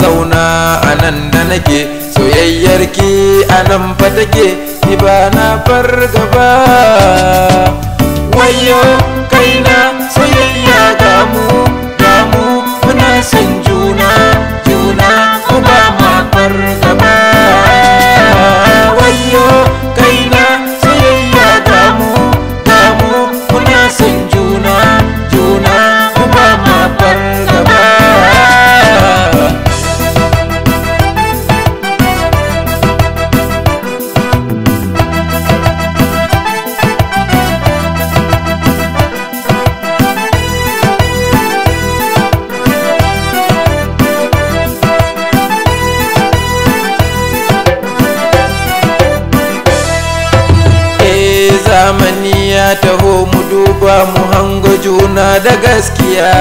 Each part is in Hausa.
zauna a nan da nake soyayyar ki a nan fa take ni ba na gaba wayo kaina so zamani ya taho mu duba mu hango juna da gaskiya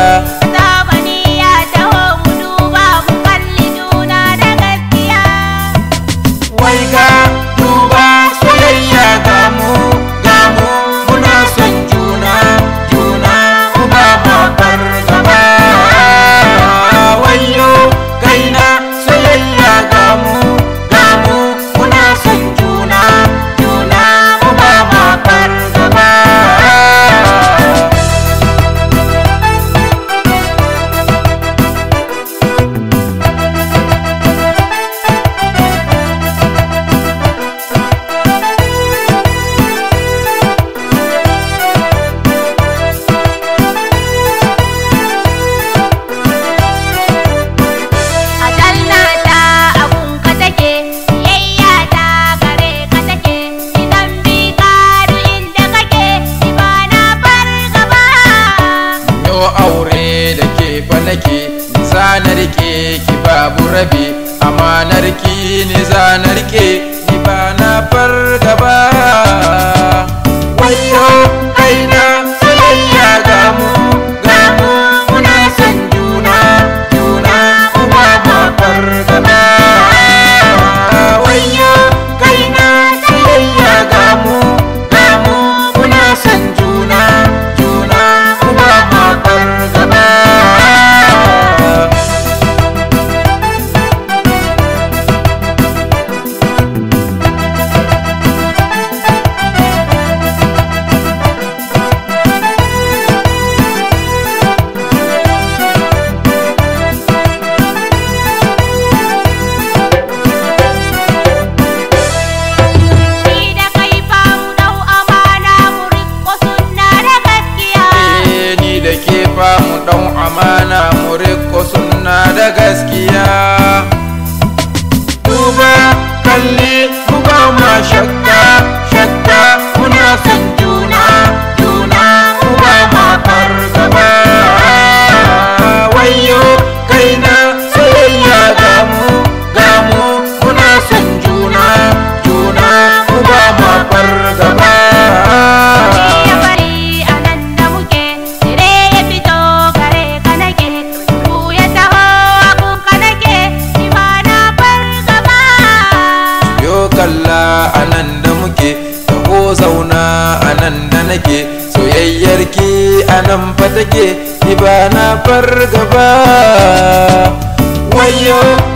rabe amanar ne za zanarke da gaske zauna a nan da nake soyayyar ki a nan fa take ki ba na fargaba wayo